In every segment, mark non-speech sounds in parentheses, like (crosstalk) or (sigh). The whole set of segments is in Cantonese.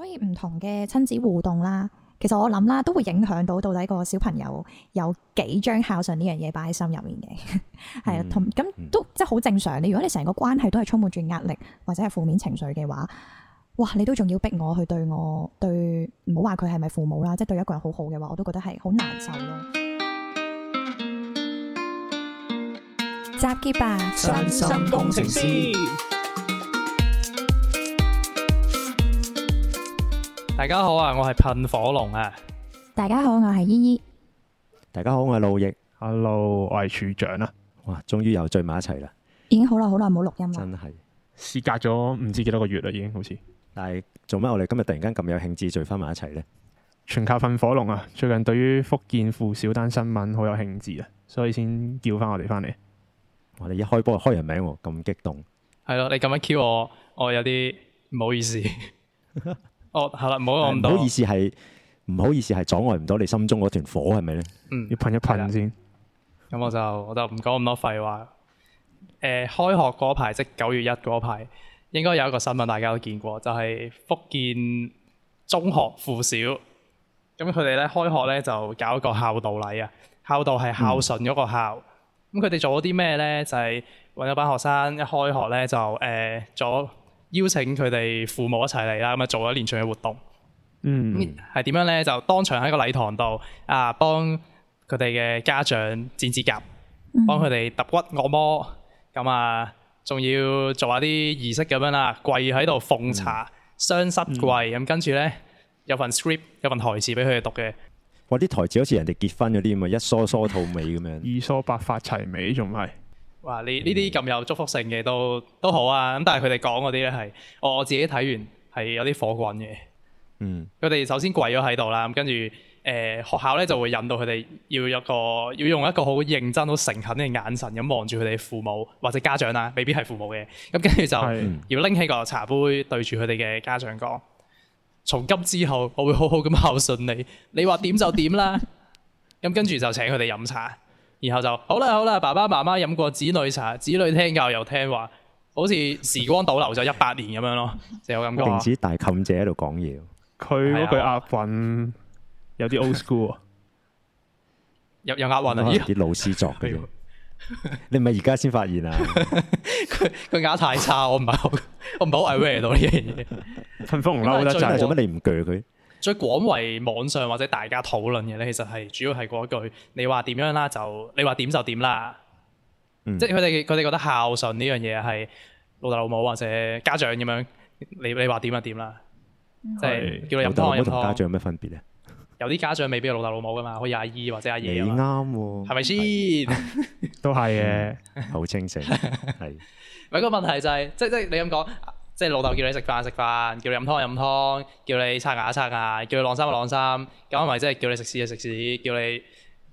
所以唔同嘅親子互動啦，其實我諗啦都會影響到到底個小朋友有幾張孝順呢樣嘢擺喺心入面嘅。係啊，同咁都即係好正常。你如果你成個關係都係充滿住壓力或者係負面情緒嘅話，哇，你都仲要逼我去對我對唔好話佢係咪父母啦，即係對一個人好好嘅話，我都覺得係好難受咯。集結吧，身心工程師。大家好啊！我係噴火龍啊！大家好，我係依依。大家好，我係路易。Hello，我係處長啊！哇，終於又聚埋一齊啦的！已經好耐好耐冇錄音啦！真係事隔咗唔知幾多個月啦，已經好似。但係做咩？我哋今日突然間咁有興致聚翻埋一齊呢？全靠噴火龍啊！最近對於福建付小丹新聞好有興致啊，所以先叫翻我哋翻嚟。我哋一開波就開人名，啊，咁激動。係咯，你咁樣 Q 我，我有啲唔好意思。 (laughs) 哦，係啦，唔好唔好意思，係唔好意思，係阻礙唔到你心中嗰團火係咪咧？是是呢嗯、要噴一噴先。咁我就我就唔講咁多廢話。誒、呃，開學嗰排即九月一嗰排，應該有一個新聞大家都見過，就係、是、福建中學附小。咁佢哋咧開學咧就搞一個孝道禮啊，孝道係孝順嗰個孝。咁佢哋做咗啲咩咧？就係搵咗班學生一開學咧就誒、呃、做。邀請佢哋父母一齊嚟啦，咁啊做一連串嘅活動。嗯，係點樣呢？就當場喺個禮堂度啊，幫佢哋嘅家長剪指甲，幫佢哋揼骨按摩。咁啊，仲要做下啲儀式咁樣啦，跪喺度奉茶、雙膝跪。咁跟住呢，有份 script，有份台詞俾佢哋讀嘅。哇！啲台詞好似人哋結婚嗰啲咁啊，一梳梳到尾咁樣，二梳白髮齊眉，仲係。哇！你呢啲咁有祝福性嘅都都好啊，咁但係佢哋講嗰啲咧，係我自己睇完係有啲火滾嘅。嗯，佢哋首先跪咗喺度啦，咁跟住誒學校咧就會引導佢哋要有個要用一個好認真、好誠懇嘅眼神咁望住佢哋父母或者家長啦，未必係父母嘅。咁跟住就要拎起個茶杯對住佢哋嘅家長講：從今之後，我會好好咁孝順你，你話點就點啦。咁跟住就請佢哋飲茶。然後就好啦好啦，爸爸媽媽飲過子女茶，子女聽教又聽話，好似時光倒流就一百年咁樣咯，就有感覺啊！定子大妗姐喺度講嘢，佢嗰句押韻有啲 old school 啊， (laughs) 有有押韻啊，啲老師作嘅 (laughs) 你唔係而家先發現啊？佢佢押太差，我唔係好我唔係好 aware 到呢嘢。訓風唔嬲得滯，做乜你唔鋸佢？最廣為網上或者大家討論嘅咧，其實係主要係嗰句，你話點樣啦？你樣就你話點就點啦。嗯、即係佢哋佢哋覺得孝順呢樣嘢係老豆老母或者家長咁樣，你樣就樣、嗯、你話點啊點啦。即係老豆同家長有咩分別咧？有啲家長未必有老豆老母噶嘛？可以阿姨或者阿爺啱喎。係咪先？是 (laughs) 都係嘅。好清醒。係。咪個 (laughs) (laughs) 問題就係、是，即、就、即、是、你咁講。即係老豆叫你食飯食飯，叫你飲湯飲湯，叫你刷牙刷牙，叫你晾衫晾衫，咁咪即係叫你食屎就食屎， (laughs) 叫你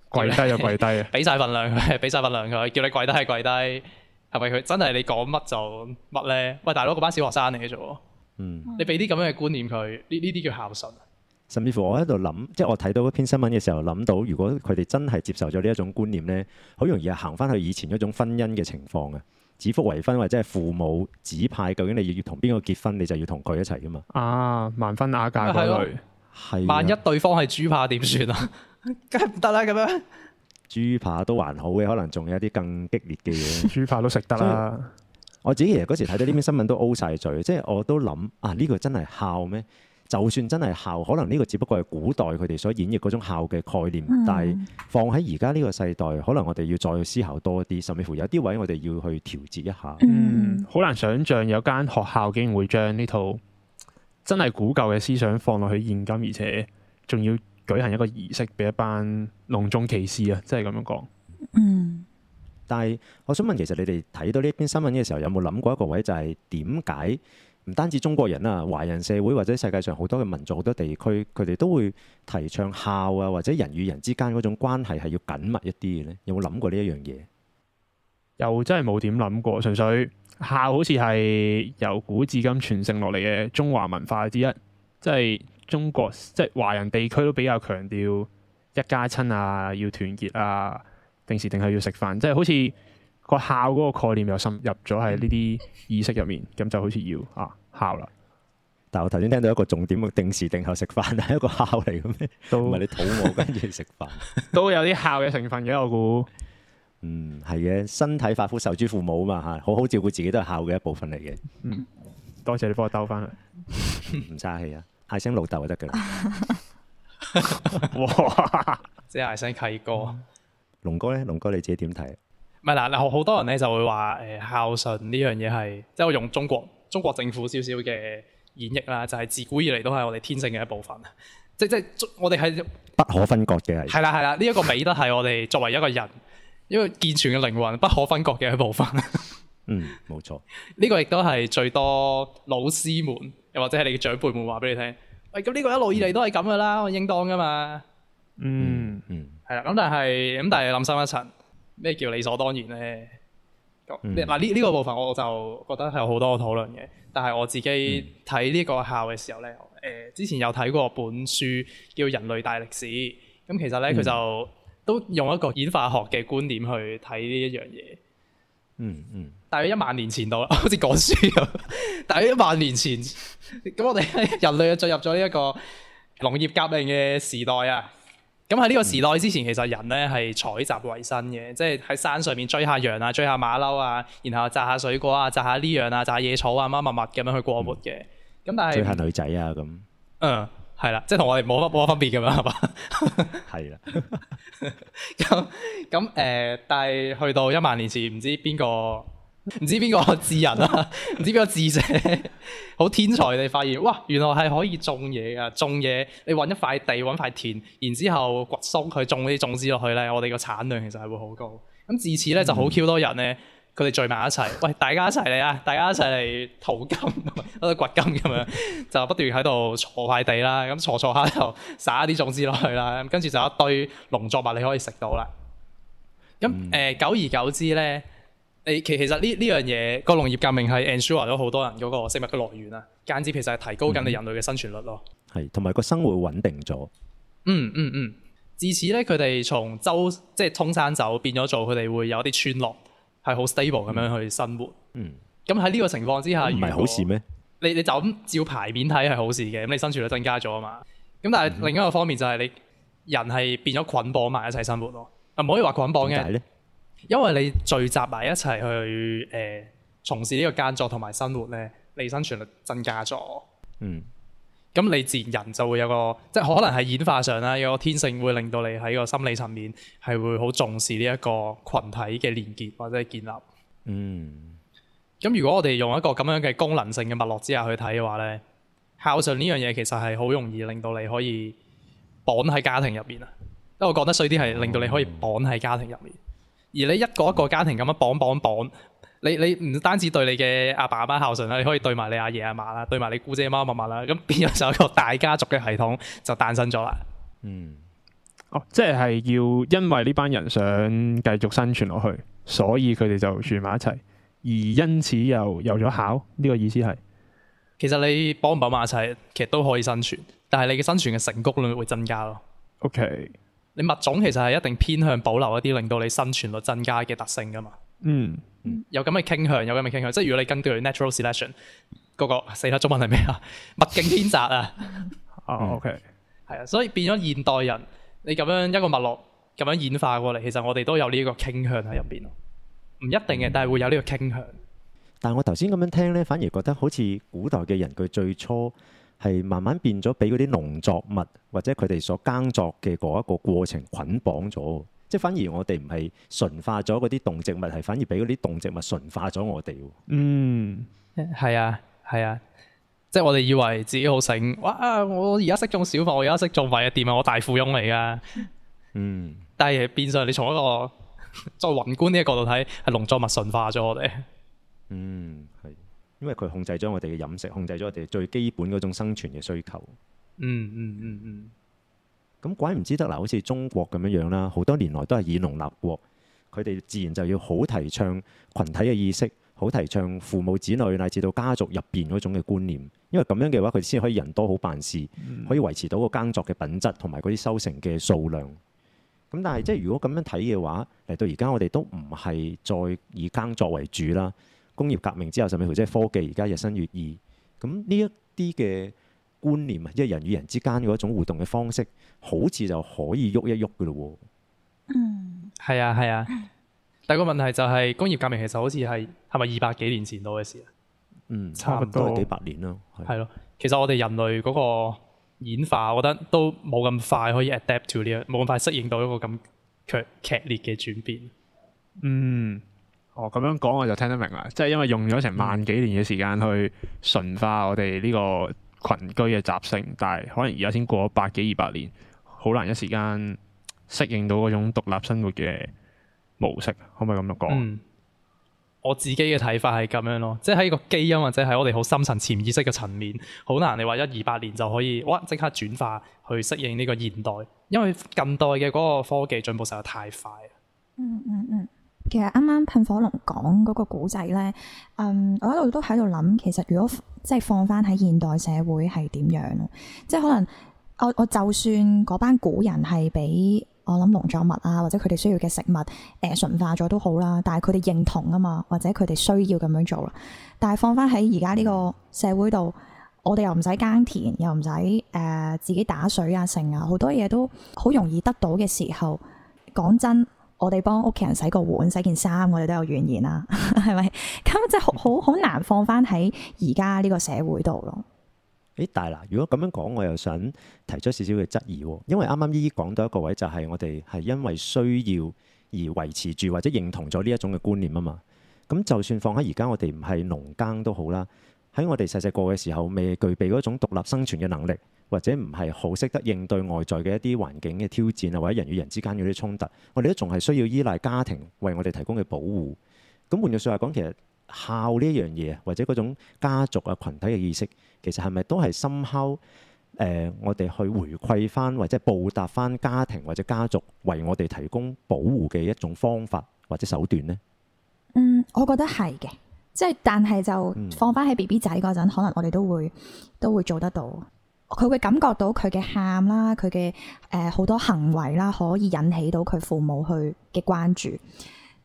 跪低就跪低，俾晒份量佢，俾晒份量佢，叫你跪低係跪低，係咪佢真係你講乜就乜咧？喂，大佬嗰班小學生嚟嘅啫喎，嗯、你俾啲咁樣嘅觀念佢，呢呢啲叫孝順、嗯。甚至乎我喺度諗，即係我睇到一篇新聞嘅時候，諗到如果佢哋真係接受咗呢一種觀念咧，好容易係行翻去以前嗰種婚姻嘅情況嘅。指腹為婚或者係父母指派，究竟你要要同邊個結婚，你就要同佢一齊噶嘛？啊，盲婚啞嫁嗰類，啊啊、萬一對方係豬扒點算 (laughs) 啊？梗係唔得啦咁樣，豬扒都還好嘅，可能仲有一啲更激烈嘅嘢。 (laughs) 豬扒都食得啦。我自己其實嗰時睇到呢篇新聞都 O 晒嘴，即係 (laughs) 我都諗啊呢、呢個真係孝咩？就算真係孝，可能呢個只不過係古代佢哋所演繹嗰種孝嘅概念，嗯、但係放喺而家呢個世代，可能我哋要再思考多啲，甚至乎有啲位我哋要去調節一下。嗯，好難想像有間學校竟然會將呢套真係古舊嘅思想放落去現今，而且仲要舉行一個儀式俾一班隆重其事啊！即係咁樣講。嗯，但係我想問，其實你哋睇到呢篇新聞嘅時候，有冇諗過一個位，就係點解？唔單止中國人啊，華人社會或者世界上好多嘅民族、好多地區，佢哋都會提倡孝啊，或者人與人之間嗰種關係係要緊密一啲嘅咧。有冇諗過呢一樣嘢？又真係冇點諗過，純粹孝好似係由古至今傳承落嚟嘅中華文化之一，即係中國即係華人地區都比較強調一家親啊，要團結啊，定時定候要食飯，即係好似。個孝嗰個概念又深入咗喺呢啲意識入面，咁就好似要啊孝啦。但係我頭先聽到一個重點，定時定候食飯係一個孝嚟嘅咩？唔係都你肚餓跟住食飯， (laughs) 飯都有啲孝嘅成分嘅我估。嗯，係嘅，身體髮膚受之父母啊嘛吓，好好照顧自己都係孝嘅一部分嚟嘅。嗯、多謝你幫我兜翻嚟，唔差氣啊！嗌聲老豆就得㗎啦。 (laughs) 哇！即係嗌聲契哥，龍、嗯、哥咧，龍哥你自己點睇？唔係嗱，好多人咧就會話誒、uh，孝順呢樣嘢係即係用中國中國政府少少嘅演繹啦，就係、是、自古以嚟都係我哋天性嘅一部分，即即係我哋係不可分割嘅係。係啦係啦，呢一個美德係我哋作為一個人，因為 (laughs) 健全嘅靈魂不可分割嘅一部分。 (laughs) 嗯，冇錯。呢個亦都係最多老師們，又或者係你嘅長輩們話俾你聽。喂、嗯，咁呢個一路以嚟都係咁嘅啦，嗯、我應當噶嘛。嗯嗯，係啦。咁但係咁，但係諗深一層。 (noise) 咩叫理所當然呢呢、嗯啊，呢個部分我就覺得係有好多討論嘅。但係我自己睇呢個孝嘅時候呢，誒、嗯呃、之前有睇過本書叫《人類大歷史》，咁其實呢，佢、嗯、就都用一個演化學嘅觀點去睇呢一樣嘢、嗯。嗯嗯。大約一萬年前到啦，好似講書咁。 (laughs) 大約一萬年前，咁我哋人類啊進入咗呢一個農業革命嘅時代啊！咁喺呢個時代之前，其實人咧係採集為生嘅，即係喺山上面追下羊啊，追下馬騮啊，然後摘下水果啊，摘下呢樣啊，摘下野草啊，乜乜乜咁樣去過活嘅。咁、嗯、但係追下女仔啊咁、嗯。嗯，係啦，即係同我哋冇乜冇乜分別咁樣，係嘛、嗯？係啦了。咁咁誒，但係去到一萬年前，唔、嗯嗯嗯、知邊個？唔知邊個智人啊？唔知邊個智者，好天才地發現，哇！原來係可以種嘢嘅，種嘢你搵一塊地，搵塊田，然之後掘鬆佢種啲種子落去咧，我哋個產量其實係會好高。咁自此咧就好 Q 多人咧，佢哋、嗯、聚埋一齊，喂，大家一齊嚟啊！大家一齊嚟淘金，喺度掘金咁樣，就不斷喺度鋤塊地啦，咁鋤鋤下就撒一啲種子落去啦，咁跟住就一堆農作物你可以食到啦。咁誒、嗯呃，久而久之咧。誒，其其實呢呢樣嘢個農業革命係 ensure 咗好多人嗰個食物嘅來源啊，間接其實係提高緊你人類嘅生存率咯。係，同埋個生活穩定咗。嗯嗯嗯，自此咧佢哋從周即係通山走變咗做佢哋會有啲村落係好 stable 咁樣去生活。嗯，咁喺呢個情況之下，唔係好事咩？你你就咁照牌面睇係好事嘅，咁你生存率增加咗啊嘛。咁但係另一個方面就係你、嗯、人係變咗捆綁埋一齊生活咯，唔可以話捆綁嘅。因為你聚集埋一齊去誒，從事呢個間作同埋生活咧，你生存率增加咗。嗯。咁你自然人就會有個，即係可能係演化上啦，有個天性會令到你喺個心理層面係會好重視呢一個群體嘅連結或者建立。嗯。咁如果我哋用一個咁樣嘅功能性嘅脈絡之下去睇嘅話咧，孝順呢樣嘢其實係好容易令到你可以綁喺家庭入面。啊。即係我講得衰啲係令到你可以綁喺家庭入面。嗯嗯而你一個一個家庭咁樣綁綁綁綁，你你唔單止對你嘅阿爸阿媽孝順啦，你可以對埋你阿爺阿嫲啦，對埋你姑姐媽嫲嫲啦，咁變咗就一個大家族嘅系統就誕生咗啦。嗯，哦，即係要因為呢班人想繼續生存落去，所以佢哋就住埋一齊，而因此又有咗考呢個意思係。其實你綁唔綁埋一齊，其實都可以生存，但係你嘅生存嘅成功率會增加咯。OK。你物種其實係一定偏向保留一啲令到你生存率增加嘅特性噶嘛，嗯？嗯，有咁嘅傾向，有咁嘅傾向。即係如果你根據 natural selection 嗰、那個死啦，中文係咩啊？物競天擇啊。哦 OK 係啊， (laughs) 所以變咗現代人，你咁樣一個物種咁樣演化過嚟，其實我哋都有呢個傾向喺入邊咯。唔一定嘅，但係會有呢個傾向。嗯、但係我頭先咁樣聽咧，反而覺得好似古代嘅人，佢最初。係慢慢變咗，俾嗰啲農作物或者佢哋所耕作嘅嗰一個過程捆綁咗。即係反而我哋唔係馴化咗嗰啲動植物，係反而俾嗰啲動植物馴化咗我哋。嗯，係啊，係啊。即係我哋以為自己好醒，哇！我而家識種小麥，我而家識種埋一啲啊，我大富翁嚟噶。嗯。但係變相你從一個再宏觀啲嘅角度睇，係農作物馴化咗我哋。嗯，係。因為佢控制咗我哋嘅飲食，控制咗我哋最基本嗰種生存嘅需求。嗯嗯嗯咁、嗯、怪唔知得嗱，好似中國咁樣樣啦，好多年來都係以農立國，佢哋自然就要好提倡群體嘅意識，好提倡父母子女乃至到家族入邊嗰種嘅觀念。因為咁樣嘅話，佢哋先可以人多好辦事，嗯、可以維持到個耕作嘅品質同埋嗰啲收成嘅數量。咁但係即係如果咁樣睇嘅話，嚟到而家我哋都唔係再以耕作為主啦。工業革命之後，甚至乎即係科技而家日新月異，咁呢一啲嘅觀念啊，即係人與人之間嗰一種互動嘅方式，好似就可以喐一喐嘅咯喎。嗯，係啊，係啊。第二個問題就係工業革命其實好似係係咪二百幾年前到嘅事啊？嗯，差唔多，差唔多幾百年咯。係咯，其實我哋人類嗰個演化，我覺得都冇咁快可以 adapt to 呢樣，冇咁快適應到一個咁劇劇烈嘅轉變。嗯。哦，咁樣講我就聽得明啦，即係因為用咗成萬幾年嘅時間去馴化我哋呢個群居嘅習性，但係可能而家先過咗百幾二百年，好難一時間適應到嗰種獨立生活嘅模式，可唔可以咁樣講？嗯，我自己嘅睇法係咁樣咯，即係喺個基因或者喺我哋好深層潛意識嘅層面，好難你話一,一二百年就可以，哇！即刻轉化去適應呢個現代，因為近代嘅嗰個科技進步實在太快啦。嗯嗯嗯。嗯嗯其實啱啱噴火龍講嗰個古仔呢，嗯，我一路都喺度諗，其實如果即係放翻喺現代社會係點樣？即係可能我我就算嗰班古人係俾我諗農作物啊，或者佢哋需要嘅食物誒馴、呃、化咗都好啦，但係佢哋認同啊嘛，或者佢哋需要咁樣做啦。但係放翻喺而家呢個社會度，我哋又唔使耕田，又唔使誒自己打水啊成啊，好多嘢都好容易得到嘅時候，講真。我哋幫屋企人洗個碗、洗件衫，我哋都有怨言啦，係咪？咁即係好好好難放翻喺而家呢個社會度咯。誒，大嗱，如果咁樣講，我又想提出少少嘅質疑喎。因為啱啱依依講到一個位，就係我哋係因為需要而維持住，或者認同咗呢一種嘅觀念啊嘛。咁就算放喺而家，我哋唔係農耕都好啦，喺我哋細細個嘅時候，未具備嗰種獨立生存嘅能力。或者唔係好識得應對外在嘅一啲環境嘅挑戰啊，或者人與人之間嗰啲衝突，我哋都仲係需要依賴家庭為我哋提供嘅保護。咁換句説話講，其實孝呢一樣嘢，或者嗰種家族啊、群體嘅意識，其實係咪都係深溝，我哋去回饋翻或者報答翻家庭或者家族為我哋提供保護嘅一種方法或者手段呢？嗯，我覺得係嘅，即係但係就放翻喺 B B 仔嗰陣，嗯、可能我哋都會都會做得到。佢會感覺到佢嘅喊啦，佢嘅誒、好多行為啦，可以引起到佢父母去嘅關注。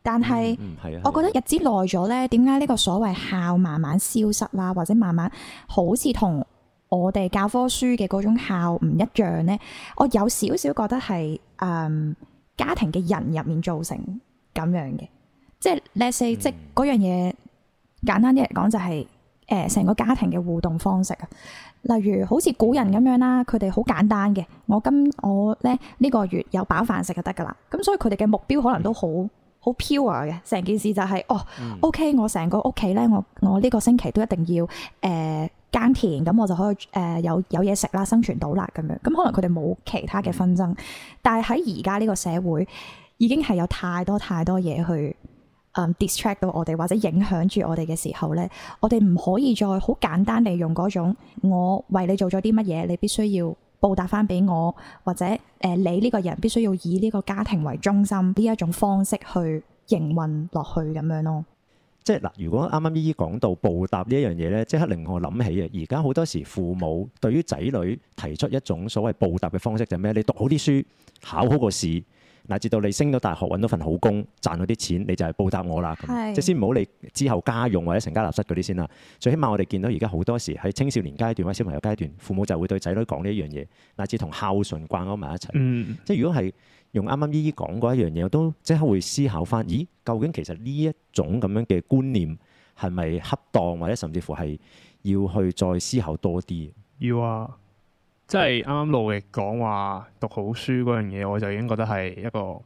但係，我覺得日子耐咗咧，點解呢個所謂孝慢慢消失啦，或者慢慢好似同我哋教科書嘅嗰種孝唔一樣咧？我有少少覺得係誒、嗯、家庭嘅人入面造成咁樣嘅，即係 l 四 s 即係嗰樣嘢簡單啲嚟講就係、是。誒，成個家庭嘅互動方式啊，例如好似古人咁樣啦，佢哋好簡單嘅。我今我咧呢個月有飽飯食就得㗎喇。咁所以佢哋嘅目標可能都好好 pure 嘅。成件事就係、是、哦，OK，我成個屋企咧，我我呢個星期都一定要誒、呃、耕田，咁我就可以誒、呃、有有嘢食啦，生存到啦咁樣。咁可能佢哋冇其他嘅紛爭，但係喺而家呢個社會已經係有太多太多嘢去，嗯、um，distract 到我哋或者影響住我哋嘅時候咧，我哋唔可以再好簡單地用嗰種我為你做咗啲乜嘢，你必須要報答翻俾我，或者誒、呃、你呢個人必須要以呢個家庭為中心呢一種方式去營運落去咁樣咯。即係嗱，如果啱啱依依講到報答呢一樣嘢咧，即刻令我諗起啊！而家好多時父母對於仔女提出一種所謂報答嘅方式就係咩？你讀好啲書，考好個試。嗱，至到你升到大學揾到份好工，賺到啲錢，你就係報答我啦。即係先唔好你之後家用或者成家立室嗰啲先啦。最起碼我哋見到而家好多時喺青少年階段或者小朋友階段，父母就會對仔女講呢一樣嘢，乃至同孝順掛鈎埋一齊。嗯、即係如果係用啱啱依依講過一樣嘢，我都即刻會思考翻：咦，究竟其實呢一種咁樣嘅觀念係咪恰當，或者甚至乎係要去再思考多啲？要啊。即係啱啱路易講話讀好書嗰樣嘢，我就已經覺得係一個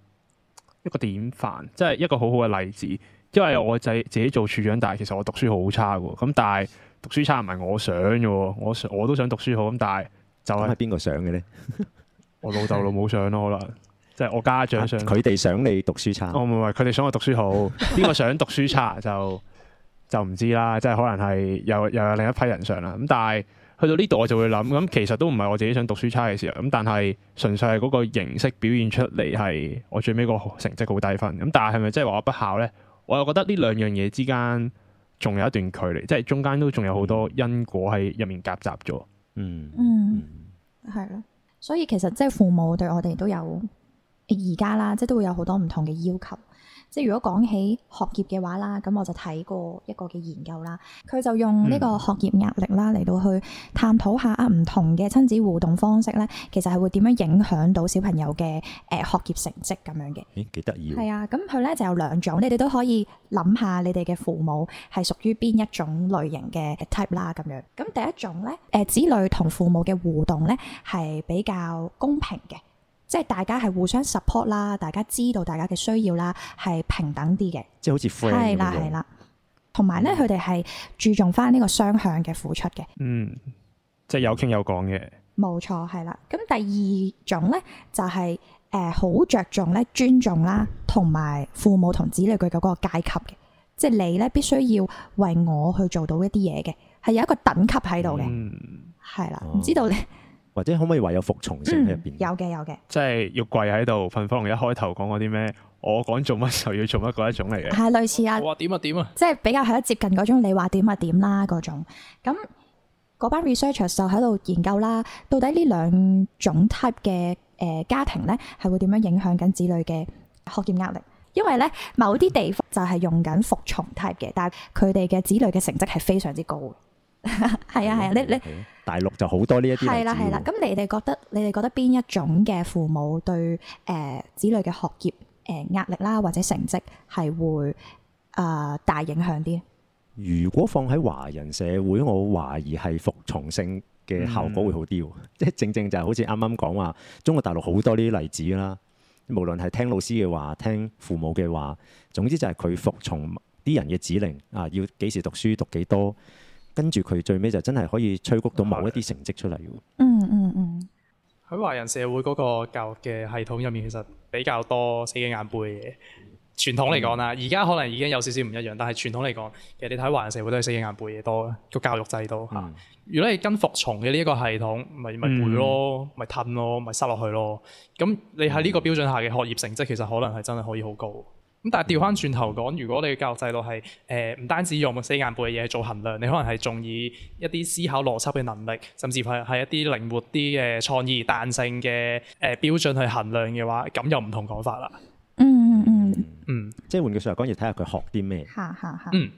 一個典範，即係一個好好嘅例子。因為我就自己做處長，但係其實我讀書好差嘅，咁但係讀書差唔係我想嘅，我我都想讀書好，咁但係就係邊個想嘅呢？ (laughs) 我老豆老母想咯，可能即係我家長想，佢哋、啊、想你讀書差，我唔係佢哋想我讀書好，邊個想讀書差就就唔知啦，即係可能係又又有另一批人想啦，咁但係去到呢度我就會諗，咁其實都唔係我自己想讀書差嘅時候，咁但係純粹係嗰個形式表現出嚟係我最尾個成績好低分，咁但係係咪即係話我不孝呢？我又覺得呢兩樣嘢之間仲有一段距離，即係中間都仲有好多因果喺入面夾雜咗。嗯嗯，係咯、嗯，所以其實即係父母對我哋都有而家啦，即係都會有好多唔同嘅要求。即係如果講起學業嘅話啦，咁我就睇過一個嘅研究啦，佢就用呢個學業壓力啦嚟到去探討下啊唔同嘅親子互動方式咧，其實係會點樣影響到小朋友嘅誒學業成績咁樣嘅。咦，幾得意？係啊，咁佢咧就有兩種，你哋都可以諗下你哋嘅父母係屬於邊一種類型嘅 type 啦咁樣。咁第一種咧，誒子女同父母嘅互動咧係比較公平嘅。即係大家係互相 support 啦，大家知道大家嘅需要啦，係平等啲嘅，即係好似 friend 咁樣。係啦，係啦，同埋咧，佢哋係注重翻呢個雙向嘅付出嘅。嗯，即係有傾有講嘅。冇錯，係啦。咁第二種咧，就係誒好着重咧尊重啦，同埋父母同子女佢嘅嗰個階級嘅。即係你咧必須要為我去做到一啲嘢嘅，係有一個等級喺度嘅。嗯，係啦。唔知道咧。嗯 (laughs) 或者可唔可以話有服從性喺入邊？有嘅，有嘅，即係要跪喺度。芬芳一開頭講嗰啲咩？我講做乜就要做乜嗰一種嚟嘅，係、啊、類似啊。哇！點啊點啊！啊啊啊即係比較係接近嗰種，種，你話點啊點啦嗰種。咁嗰班 researchers 就喺度研究啦，到底呢兩種 type 嘅誒家庭咧，係會點樣影響緊子女嘅學業壓力？因為咧，某啲地方就係用緊服從 type 嘅，但係佢哋嘅子女嘅成績係非常之高。係啊，係啊，你你大陸就好多呢一啲例子。係啦，係啦，咁你哋覺得你哋覺得邊一種嘅父母對誒子女嘅學業誒壓力啦，或者成績係會誒大影響啲？如果放喺華人社會，我懷疑係服從性嘅效果會好啲，即係正正就係好似啱啱講話中國大陸好多呢啲例子啦。無論係聽老師嘅話，聽父母嘅話，總之就係佢服從啲人嘅指令啊，要幾時讀書，讀幾多。跟住佢最尾就真係可以催谷到某一啲成績出嚟嘅、嗯。嗯嗯嗯，喺華人社會嗰個教育嘅系統入面，其實比較多死記硬背嘅嘢。傳統嚟講啦，而家、嗯、可能已經有少少唔一樣，但係傳統嚟講，其實你睇華人社會都係死記硬背嘢多，個教育制度吓。嗯、如果你跟服從嘅呢一個系統，咪咪背咯，咪吞咯，咪塞落去咯。咁你喺呢個標準下嘅學業成績，其實可能係真係可以好高。咁但係調翻轉頭講，如果你嘅教育制度係誒唔單止用四眼背嘅嘢做衡量，你可能係仲以一啲思考邏輯嘅能力，甚至係係一啲靈活啲嘅創意彈、彈性嘅誒標準去衡量嘅話，咁又唔同講法啦、嗯。嗯嗯嗯，即係換句說話講，要睇下佢學啲咩。吓吓吓。嗯嗯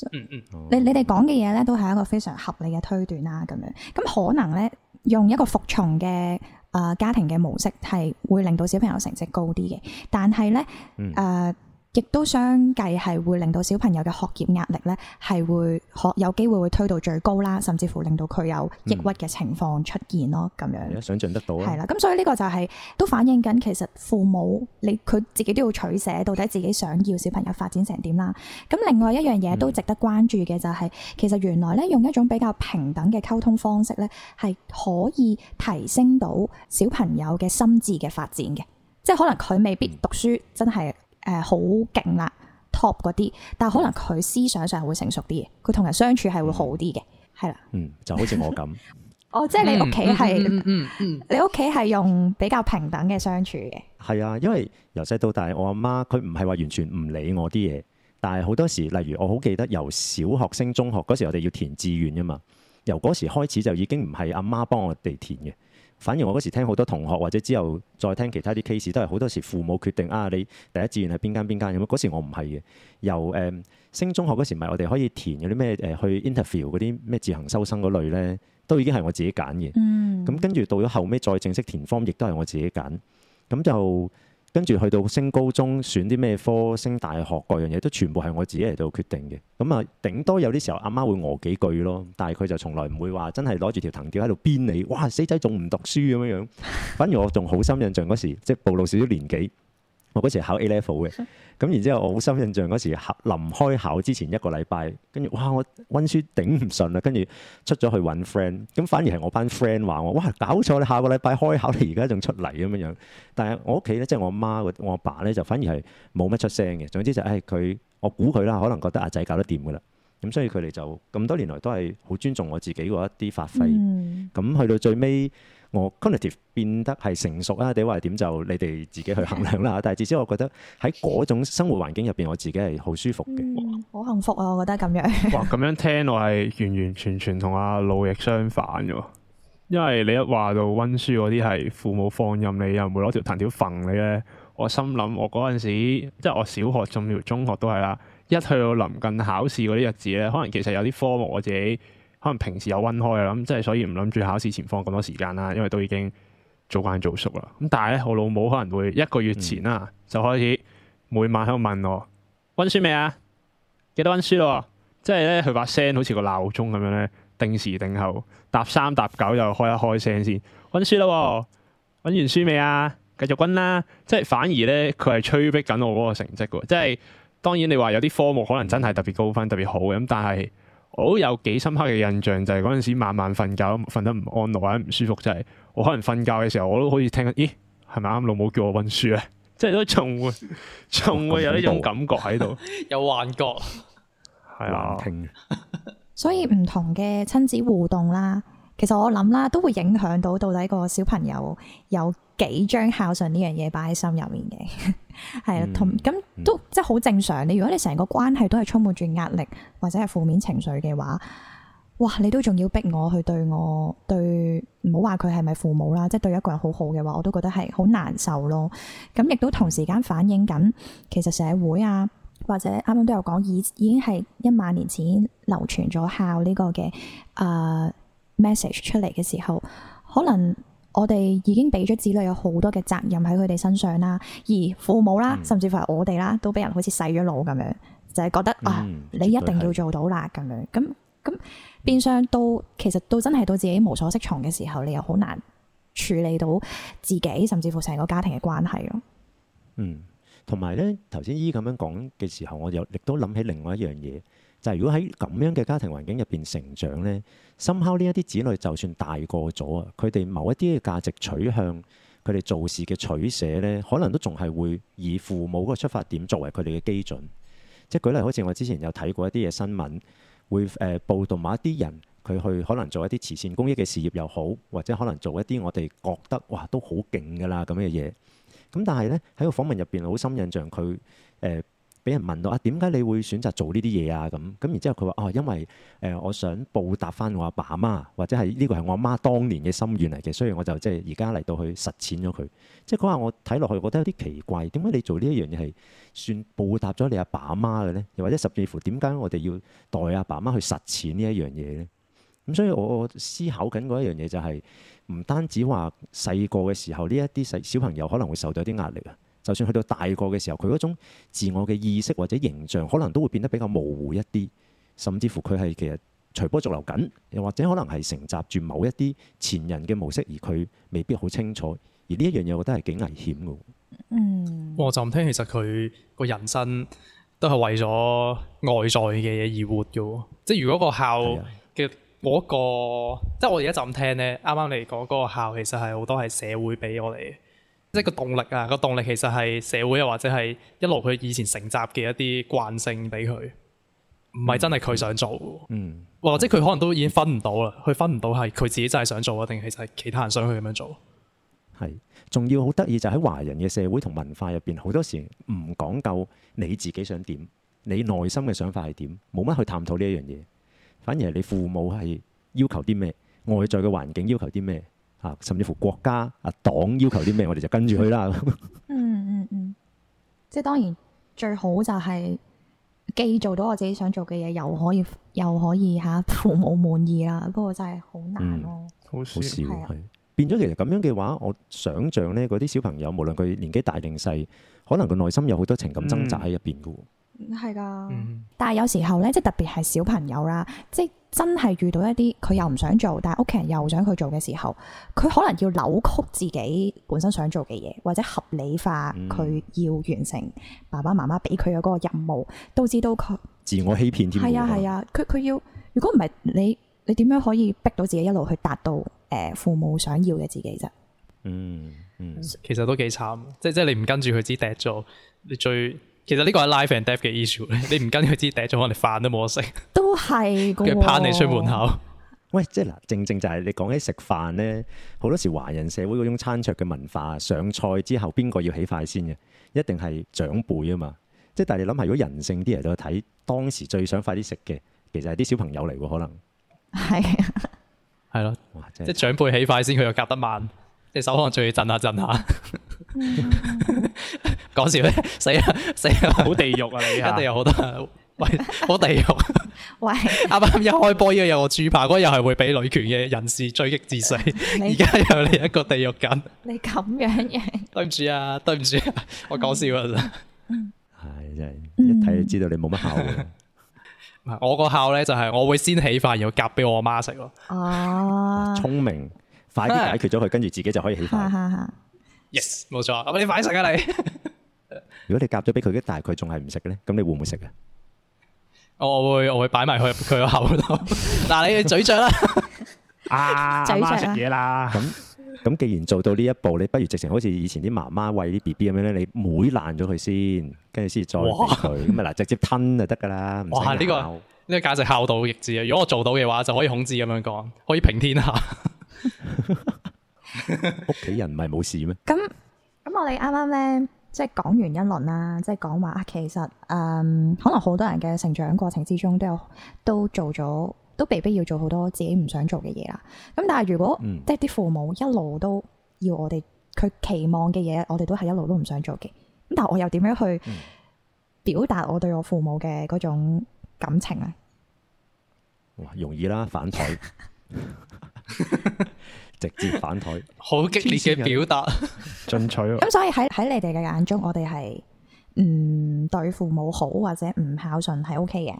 嗯。嗯嗯嗯你你哋講嘅嘢咧，都係一個非常合理嘅推斷啦。咁樣，咁可能咧，用一個服從嘅誒家庭嘅模式，係會令到小朋友成績高啲嘅。但係咧，誒、嗯。嗯亦都相繼係會令到小朋友嘅學業壓力咧，係會學有機會會推到最高啦，甚至乎令到佢有抑鬱嘅情況出現咯。咁、嗯、樣，想像得到係啦。咁所以呢個就係、是、都反映緊，其實父母你佢自己都要取捨，到底自己想要小朋友發展成點啦。咁另外一樣嘢都值得關注嘅就係、是嗯、其實原來咧用一種比較平等嘅溝通方式咧，係可以提升到小朋友嘅心智嘅發展嘅，即係可能佢未必讀書真係。嗯誒好勁啦，top 嗰啲，但係可能佢思想上會成熟啲嘅，佢同人相處係會好啲嘅，係啦、嗯。嗯，就好似我咁。哦，即係你屋企係，嗯嗯嗯，你屋企係用比較平等嘅相處嘅。係啊，因為由細到大，我阿媽佢唔係話完全唔理我啲嘢，但係好多時，例如我好記得由小學升中學嗰時，我哋要填志願啊嘛，由嗰時開始就已經唔係阿媽幫我哋填嘅。，反而我嗰時聽好多同學或者之後再聽其他啲 case，都係好多時父母決定啊，你第一志願係邊間邊間咁。嗰時我唔係嘅，由誒、呃、升中學嗰時咪我哋可以填嗰啲咩誒去 interview 嗰啲咩自行收生嗰類咧，都已經係我自己揀嘅。咁跟住到咗後尾，再正式填 form，亦都係我自己揀。咁、嗯、就。跟住去到升高中，選啲咩科，升大學，各樣嘢都全部係我自己嚟做決定嘅。咁啊，頂多有啲時候阿媽會餓幾句咯，但係佢就從來唔會話真係攞住條藤條喺度鞭你，哇！死仔仲唔讀書咁樣。 (laughs) 反而我仲好深印象嗰時，即暴露少少年紀。我嗰時考 A level 嘅，咁然之後我好深印象嗰時考臨開考之前一個禮拜，跟住哇，我温書頂唔順啦，跟住出咗去揾 friend，咁反而係我班 friend 話我哇，搞錯你下個禮拜開考，你而家仲出嚟咁樣樣。但係我屋企咧，即係我媽我阿爸咧，就反而係冇乜出聲嘅。總之就誒、是、佢、哎，我估佢啦，可能覺得阿、啊、仔搞得掂噶啦，咁所以佢哋就咁多年來都係好尊重我自己嗰一啲發揮。咁去、嗯、到最尾。我 cognitive 變得係成熟啊，定話，點就你哋自己去衡量啦，但係至少我覺得喺嗰種生活環境入邊，我自己係好舒服嘅。好、嗯、幸福啊！我覺得咁樣 (laughs) 哇！咁樣聽落係完完全全同阿路亦相反嘅，因為你一話到温書嗰啲係父母放任你，又唔會攞條藤條縫你咧。我心諗我嗰陣時，即係我小學浸學、中學都係啦。一去到臨近考試嗰啲日子咧，可能其實有啲科目我自己，可能平時有温開啊，咁即係所以唔諗住考試前放咁多時間啦，因為都已經做慣做熟啦。咁但係咧，我老母可能會一個月前啦，就開始每晚喺度問我温書未啊？記得温書咯，即係咧佢把聲好似個鬧鐘咁樣咧，定時定候，搭三搭九又開一開聲先温書啦。嗯、温完書未啊？繼續温啦。即係反而咧，佢係催逼緊我嗰個成績嘅。即係當然你話有啲科目可能真係特別高分、嗯、特別好嘅咁，但係。我都有幾深刻嘅印象，就係嗰陣時晚晚瞓覺，瞓得唔安樂或者唔舒服，就係、是、我可能瞓覺嘅時候，我都好似聽緊，咦，係咪啱老母叫我温書啊？ (laughs) 即係都仲會仲會有呢種感覺喺度，哦、 (laughs) 有幻覺，係啊，所以唔同嘅親子互動啦，其實我諗啦，都會影響到到底個小朋友有幾將孝順呢樣嘢擺喺心入面嘅。 (laughs) 係啊，同咁都即係好正常。你如果你成個關係都係充滿住壓力或者係負面情緒嘅話，哇，你都仲要逼我去對我對唔好話佢係咪父母啦，即係對一個人好好嘅話，我都覺得係好難受咯。咁亦都同時間反映緊其實社會啊，或者啱啱都有講已已經係一萬年前流傳咗孝呢個嘅誒、uh, message 出嚟嘅時候，可能。我哋已經俾咗子女有好多嘅責任喺佢哋身上啦，而父母啦，嗯、甚至乎係我哋啦，都俾人好似洗咗腦咁樣，就係、是、覺得、嗯、啊，絕對你一定要做到啦咁樣。咁咁、嗯、變相到、嗯、其實到真係到自己無所適從嘅時候，你又好難處理到自己，甚至乎成個家庭嘅關係咯。嗯，同埋咧，頭先姨咁樣講嘅時候，我又亦都諗起另外一樣嘢。就係如果喺咁樣嘅家庭環境入邊成長呢，深敲呢一啲子女，就算大過咗啊，佢哋某一啲嘅價值取向，佢哋做事嘅取捨呢，可能都仲係會以父母嗰個出發點作為佢哋嘅基準。即係舉例，好似我之前有睇過一啲嘅新聞，會誒、呃、報導埋一啲人，佢去可能做一啲慈善公益嘅事業又好，或者可能做一啲我哋覺得哇都好勁㗎喇咁嘅嘢。咁但係呢，喺個訪問入邊好深印象，佢誒。呃俾人問到啊，點解你會選擇做呢啲嘢啊？咁咁然之後佢話：哦、啊，因為誒、呃，我想報答翻我阿爸阿媽，或者係呢個係我阿媽當年嘅心願嚟嘅，所以我就即係而家嚟到去實踐咗佢。即係佢話我睇落去，覺得有啲奇怪，點解你做呢一樣嘢係算報答咗你阿爸阿媽嘅咧？又或者甚至乎，點解我哋要代阿爸阿媽去實踐呢一樣嘢咧？咁、嗯、所以我思考緊嗰一樣嘢就係、是，唔單止話細個嘅時候，呢一啲細小朋友可能會受到啲壓力啊。就算去到大個嘅時候，佢嗰種自我嘅意識或者形象，可能都會變得比較模糊一啲，甚至乎佢係其實隨波逐流緊，又或者可能係承襲住某一啲前人嘅模式，而佢未必好清楚。而呢一樣嘢，我覺得係幾危險嘅。嗯，我就咁聽，其實佢個人生都係為咗外在嘅嘢而活嘅。即係如果個孝嘅嗰個，即係我而家就咁聽咧，啱啱你講嗰個孝，其實係好多係社會俾我哋。即係個動力啊，那個動力其實係社會又、啊、或者係一路佢以前承襲嘅一啲慣性俾佢，唔係真係佢想做。嗯，嗯，或者佢可能都已經分唔到啦，佢、嗯、分唔到係佢自己真係想做啊，定係其他人想去咁樣做？係，仲要好得意就喺華人嘅社會同文化入邊，好多時唔講究你自己想點，你內心嘅想法係點，冇乜去探討呢一樣嘢，反而係你父母係要求啲咩，外在嘅環境要求啲咩。啊，甚至乎國家啊黨要求啲咩， (laughs) 我哋就跟住去啦、嗯。嗯嗯嗯， (laughs) 即係當然最好就係、是、既做到我自己想做嘅嘢，又可以又可以嚇、啊、父母滿意啦。不過真係好難咯、啊嗯，好少係、啊、變咗其實咁樣嘅話，我想像呢嗰啲小朋友，無論佢年紀大定細，可能佢內心有好多情感掙扎喺入邊嘅。嗯。係噶，嗯、但係有時候咧，即係特別係小朋友啦，即係真係遇到一啲佢又唔想做，但係屋企人又想佢做嘅時候，佢可能要扭曲自己本身想做嘅嘢，或者合理化佢要完成爸爸媽媽俾佢嘅嗰個任務，導致到佢自我欺騙添。係啊係啊，佢佢會要如果唔係你你點樣可以逼到自己一路去達到誒、呃、父母想要嘅自己啫、嗯？嗯嗯，其實都幾慘，即係即係你唔跟住佢，只掟咗你最。其實呢個係 life and death 嘅 issue，你唔跟佢知，第一 a d 咗，我哋飯都冇得食。都係佢拋你出門口。喂，即係嗱，正正就係你講起食飯咧，好多時華人社會嗰種餐桌嘅文化，上菜之後邊個要起筷先嘅？一定係長輩啊嘛。即係但係你諗下，如果人性啲嚟到睇當時最想快啲食嘅，其實係啲小朋友嚟㗎可能。係啊，係咯，即係長輩起筷先，佢又夾得慢，即係手可能仲要震下震下。講笑咧，死啦死啦，好地獄啊你地獄！你一定有好多喂，好地獄喂！啱啱一開波，呢、呢個又豬扒，嗰個又係會俾女權嘅人士追擊致死，而家你 又你一個地獄緊。你咁這樣嘅？對唔住啊，對唔住啊，我講笑啊，係真係一睇就知道你冇乜孝我個孝咧，就係我會先起飯，然後夾俾我媽食咯。哦，聰 (laughs) 明，快啲解決咗佢，跟住的自己就可以起飯。Yes，冇錯，我俾你飯食啊你。 (laughs) 如果你夾咗俾佢嘅，但係佢仲係唔食嘅咧，咁你會唔會食嘅？我會我會擺埋佢佢個口度。嗱、 (laughs) (laughs) (laughs) (laughs) (laughs) 啊，你嘅咀嚼啦，阿媽食嘢啦。咁咁，既然做到呢一步，你不如直情好似以前啲媽媽餵啲 B B 咁樣咧，你搣爛咗佢先，跟住先再俾佢。咁咪嗱， (laughs) 直接吞就得噶啦。哇，呢、這個呢、這個價值孝道逆子啊！如果我做到嘅話，就可以孔子咁樣講，可以平天下。屋 (laughs) 企 (laughs) 人唔係冇事咩？咁咁， (laughs) (laughs) 我哋啱啱咧。即係講完一輪啦，即係講話其實誒、嗯，可能好多人嘅成長過程之中都有都做咗，都被逼要做好多自己唔想做嘅嘢啦。咁但係如果即係啲父母一路都要我哋，佢期望嘅嘢，我哋都係一路都唔想做嘅。咁但係我又點樣去表達我對我父母嘅嗰種感情呢？嗯、容易啦，反枱。 (laughs) (laughs) 直接反台，好激烈嘅表達，進取咯。咁所以喺喺你哋嘅眼中，我哋係唔對父母好或者唔孝順係 O K 嘅。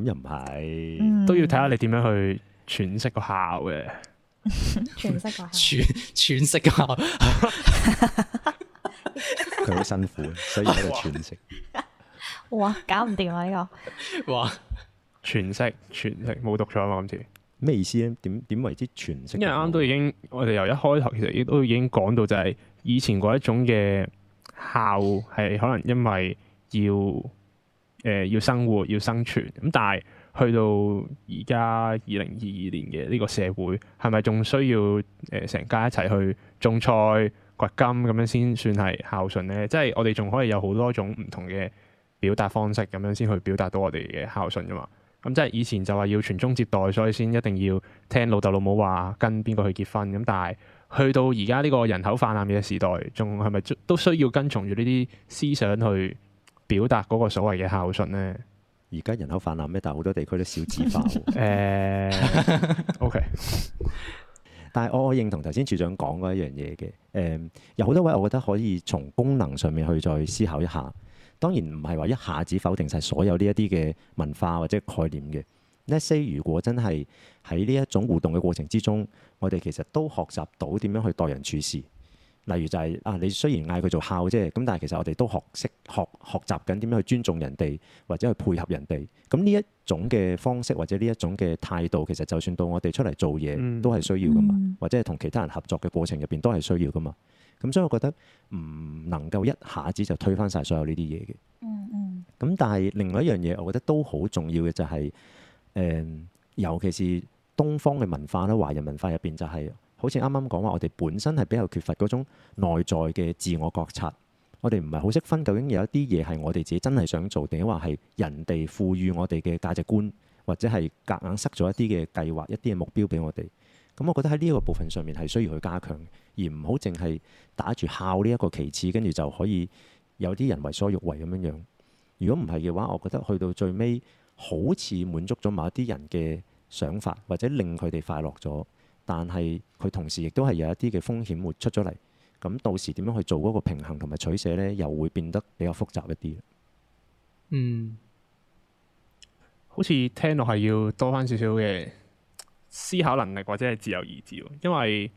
咁又唔係，都、嗯、要睇下你點樣去詮釋個孝嘅詮釋個詮詮釋個，佢 (laughs) 好校 (laughs) (laughs) (laughs) 辛苦，所以喺度詮釋。哇！搞唔掂啊，呢個哇！詮釋詮釋冇讀錯啊嘛今次。咩意思咧？點點為之傳承？因為啱都已經，我哋由一開頭其實亦都已經講到就係以前嗰一種嘅孝係可能因為要誒、呃、要生活要生存咁，但係去到而家二零二二年嘅呢個社會，係咪仲需要誒、呃、成家一齊去種菜掘金咁樣先算係孝順咧？即係我哋仲可以有好多種唔同嘅表達方式咁樣先去表達到我哋嘅孝順噶嘛？咁即係以前就話要傳宗接代，所以先一定要聽老豆老母話跟邊個去結婚。咁但係去到而家呢個人口泛濫嘅時代，仲係咪都需要跟從住呢啲思想去表達嗰個所謂嘅孝順呢？而家人口泛濫咩？但係好多地區都少子化。誒，OK。但係我認同頭先處長講嗰一樣嘢嘅。誒，有好多位我覺得可以從功能上面去再思考一下。當然唔係話一下子否定晒所有呢一啲嘅文化或者概念嘅。n 那些如果真係喺呢一種互動嘅過程之中，我哋其實都學習到點樣去待人處事。例如就係、是、啊，你雖然嗌佢做孝啫，咁但係其實我哋都學識學學習緊點樣去尊重人哋或者去配合人哋。咁呢一種嘅方式或者呢一種嘅態度，其實就算到我哋出嚟做嘢都係需要噶嘛，嗯、或者係同其他人合作嘅過程入邊都係需要噶嘛。咁所以，我覺得唔能夠一下子就推翻晒所有呢啲嘢嘅。嗯咁、嗯、但係另外一樣嘢，我覺得都好重要嘅就係、是，誒、呃，尤其是東方嘅文化啦、華人文化入邊、就是，就係好似啱啱講話，我哋本身係比較缺乏嗰種內在嘅自我覺察。我哋唔係好識分究竟有一啲嘢係我哋自己真係想做，定話係人哋賦予我哋嘅價值觀，或者係夾硬，硬塞咗一啲嘅計劃、一啲嘅目標俾我哋。咁我覺得喺呢一個部分上面係需要去加強，而唔好淨係打住孝呢一個旗幟，跟住就可以有啲人為所欲為咁樣樣。如果唔係嘅話，我覺得去到最尾好似滿足咗某一啲人嘅想法，或者令佢哋快樂咗，但係佢同時亦都係有一啲嘅風險會出咗嚟。咁到時點樣去做嗰個平衡同埋取捨呢？又會變得比較複雜一啲。嗯，好似聽落係要多翻少少嘅。思考能力或者係自由意志，因為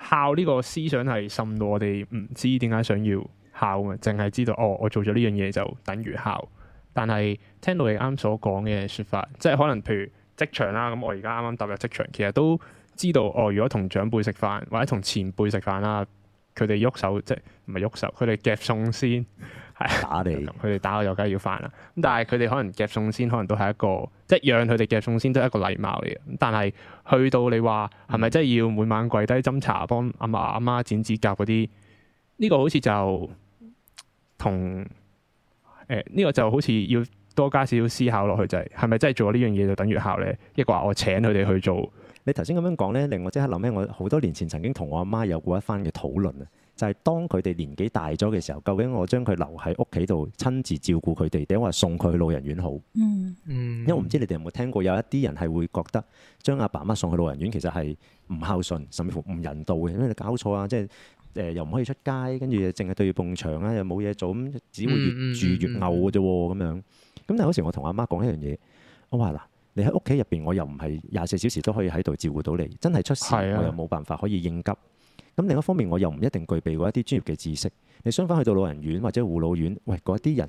孝呢個思想係甚到我哋唔知點解想要孝啊，淨係知道哦，我做咗呢樣嘢就等於孝。但係聽到你啱所講嘅說法，即係可能譬如職場啦，咁我而家啱啱踏入職場，其實都知道哦，如果同長輩食飯或者同前輩食飯啦，佢哋喐手，即唔係喐手，佢哋夾餸先。係打你，佢哋 (laughs) 打我又梗係要翻啦。咁但係佢哋可能夾餸先，可能都係一個即係、就是、讓佢哋夾餸先都係一個禮貌嚟嘅。但係去到你話係咪真係要每晚跪低斟茶幫阿嫲阿媽剪指甲嗰啲，呢、這個好似就同誒呢個就好似要多加少少思考落去，就係係咪真係做呢樣嘢就等於孝咧，亦或我請佢哋去做。你頭先咁樣講咧，令我即刻諗起我好多年前曾經同我阿媽有過一番嘅討論啊。就係當佢哋年紀大咗嘅時候，究竟我將佢留喺屋企度，親自照顧佢哋，定話送佢去老人院好？嗯、因為我唔知你哋有冇聽過，有一啲人係會覺得將阿爸媽送去老人院，其實係唔孝順，甚至乎唔人道嘅，因為你搞錯啊，即係、呃、又唔可以出街，跟住淨係對住埲牆啊，又冇嘢做，咁只會越住越嘔嘅啫喎，咁樣、嗯。咁、嗯嗯、但係有時我同阿媽講一樣嘢，我話嗱，你喺屋企入邊，我又唔係廿四小時都可以喺度照顧到你，真係出事我又冇辦法可以應急。咁另一方面，我又唔一定具備過一啲專業嘅知識。你相反去到老人院或者護老院，喂嗰啲人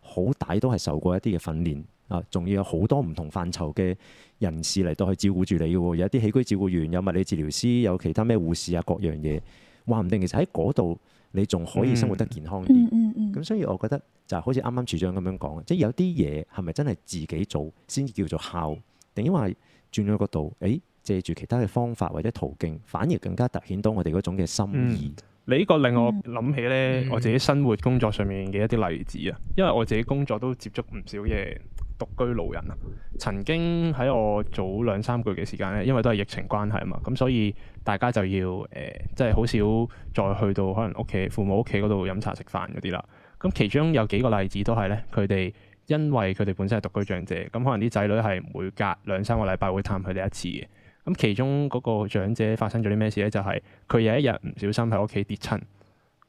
好歹都係受過一啲嘅訓練啊，仲、呃、要有好多唔同範疇嘅人士嚟到去照顧住你嘅。有啲起居照顧員，有物理治療師，有其他咩護士啊，各樣嘢，話唔定其實喺嗰度你仲可以生活得健康啲。咁、嗯嗯嗯嗯、所以我覺得就好似啱啱處長咁樣講，即、就、係、是、有啲嘢係咪真係自己做先至叫做孝？定因為轉咗個角度，誒、欸？借住其他嘅方法或者途徑，反而更加突顯到我哋嗰種嘅心意。嗯、你呢個令我諗起咧，我自己生活工作上面嘅一啲例子啊。嗯、因為我自己工作都接觸唔少嘢獨居老人啊。曾經喺我早兩三個月嘅時間咧，因為都係疫情關係啊嘛，咁所以大家就要誒，即係好少再去到可能屋企父母屋企嗰度飲茶食飯嗰啲啦。咁其中有幾個例子都係咧，佢哋因為佢哋本身係獨居長者，咁可能啲仔女係每隔兩三個禮拜會探佢哋一次嘅。咁其中嗰個長者發生咗啲咩事咧？就係、是、佢有一日唔小心喺屋企跌親，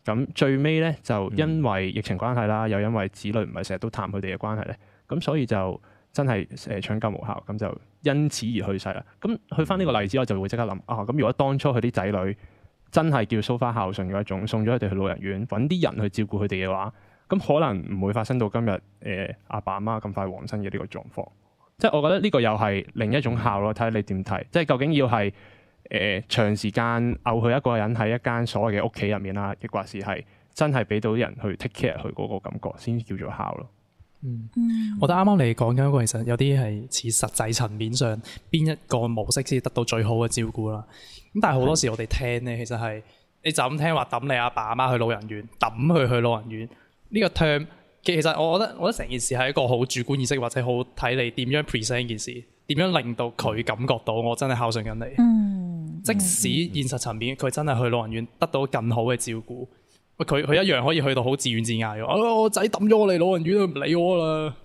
咁最尾咧就因為疫情關係啦，嗯、又因為子女唔係成日都探佢哋嘅關係咧，咁所以就真係誒搶救無效，咁就因此而去世啦。咁去返呢個例子，我就會即刻諗啊，咁如果當初佢啲仔女真係叫蘇、so、花孝順嗰一種，送咗佢哋去老人院，揾啲人去照顧佢哋嘅話，咁可能唔會發生到今日誒阿爸阿媽咁快往生嘅呢個狀況。即係我覺得呢個又係另一種孝咯，睇下你點睇。即係究竟要係誒、呃、長時間囚佢一個人喺一間所謂嘅屋企入面啦，亦或是係真係俾到人去 take care 佢嗰個感覺先叫做孝咯。嗯，我覺得啱啱你講緊一個其實有啲係似實際層面上邊一個模式先得到最好嘅照顧啦。咁但係好多時我哋聽咧，是的 其實係你就咁聽話，抌你阿爸阿媽去老人院，抌佢去老人院呢、這個 term。其實我覺得，我覺得成件事係一個好主觀意識，或者好睇你點樣 present 件事，點樣令到佢感覺到我，我真係孝順緊你。嗯、即使現實層面佢、嗯、真係去老人院得到更好嘅照顧，佢佢、嗯、一樣可以去到好自怨自艾嘅、啊。我仔抌咗我哋老人院都唔理我啦。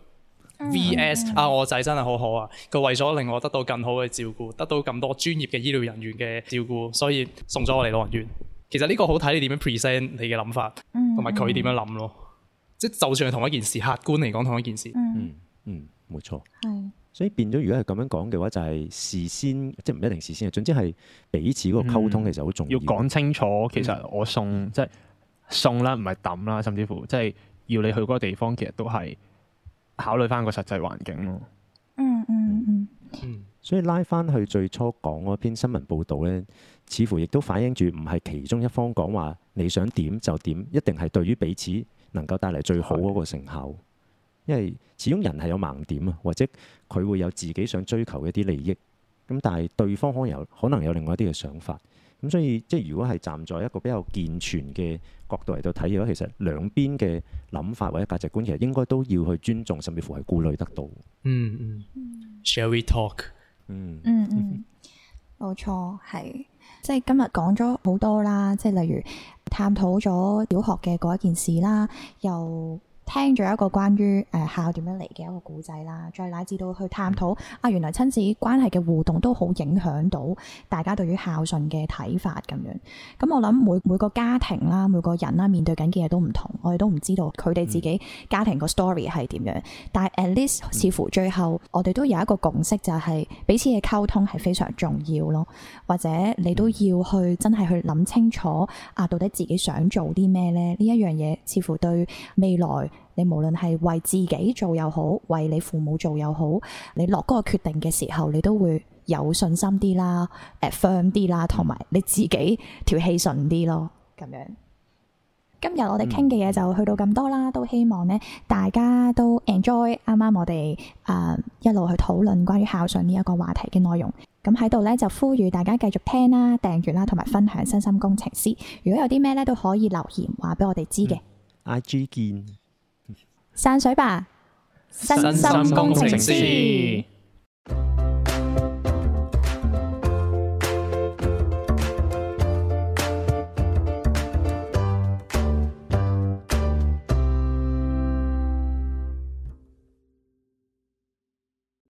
嗯、VS、嗯、啊，我仔真係好好啊，佢為咗令我得到更好嘅照顧，得到咁多專業嘅醫療人員嘅照顧，所以送咗我嚟老人院。其實呢個好睇你點樣 present 你嘅諗法，同埋佢點樣諗咯。嗯即就算係同一件事，客觀嚟講，同一件事。嗯、嗯，冇錯。係，所以變咗，如果係咁樣講嘅話，就係事先即係唔一定事先啊。總之係彼此嗰個溝通其實好重要。嗯、要講清楚，其實我送即係、嗯、送啦，唔係抌啦，甚至乎即係要你去嗰個地方，其實都係考慮翻個實際環境咯、嗯。嗯、嗯、嗯，所以拉翻去最初講嗰篇新聞報導咧，似乎亦都反映住唔係其中一方講話你想點就點，一定係對於彼此。能夠帶嚟最好嗰個成效，因為始終人係有盲點啊，或者佢會有自己想追求嘅一啲利益，咁但係對方可能有可能有另外一啲嘅想法，咁所以即係如果係站在一個比較健全嘅角度嚟到睇嘅話，其實兩邊嘅諗法或者價值觀其實應該都要去尊重，甚至乎係顧慮得到。嗯。嗯嗯 Shall we talk？嗯嗯嗯，冇、 (laughs) 嗯嗯、錯，係即係今日講咗好多啦，即係例如。探討咗小學嘅嗰一件事啦，又。聽咗一個關於誒孝點樣嚟嘅一個古仔啦，再乃至到去探討啊，原來親子關係嘅互動都好影響到大家對於孝順嘅睇法咁樣。咁我諗每每個家庭啦、啊、每個人啦、啊、面對緊嘅嘢都唔同，我哋都唔知道佢哋自己家庭個 story 係點樣。但係 at least 似乎最後我哋都有一個共識，就係、是、彼此嘅溝通係非常重要咯，或者你都要去真係去諗清楚啊，到底自己想做啲咩呢？呢一樣嘢似乎對未來。你無論係為自己做又好，為你父母做又好，你落嗰個決定嘅時候，你都會有信心啲啦，誒，firm 啲啦，同埋你自己條氣順啲咯，咁樣。今日我哋傾嘅嘢就去到咁多啦，嗯、都希望呢大家都 enjoy 啱啱我哋誒、嗯、一路去討論關於孝順呢一個話題嘅內容。咁喺度呢，就呼籲大家繼續聽啦、訂閱啦，同埋分享《身心工程師》。如果有啲咩呢，都可以留言話俾我哋知嘅。嗯、I G 見。散水吧，身心工程師。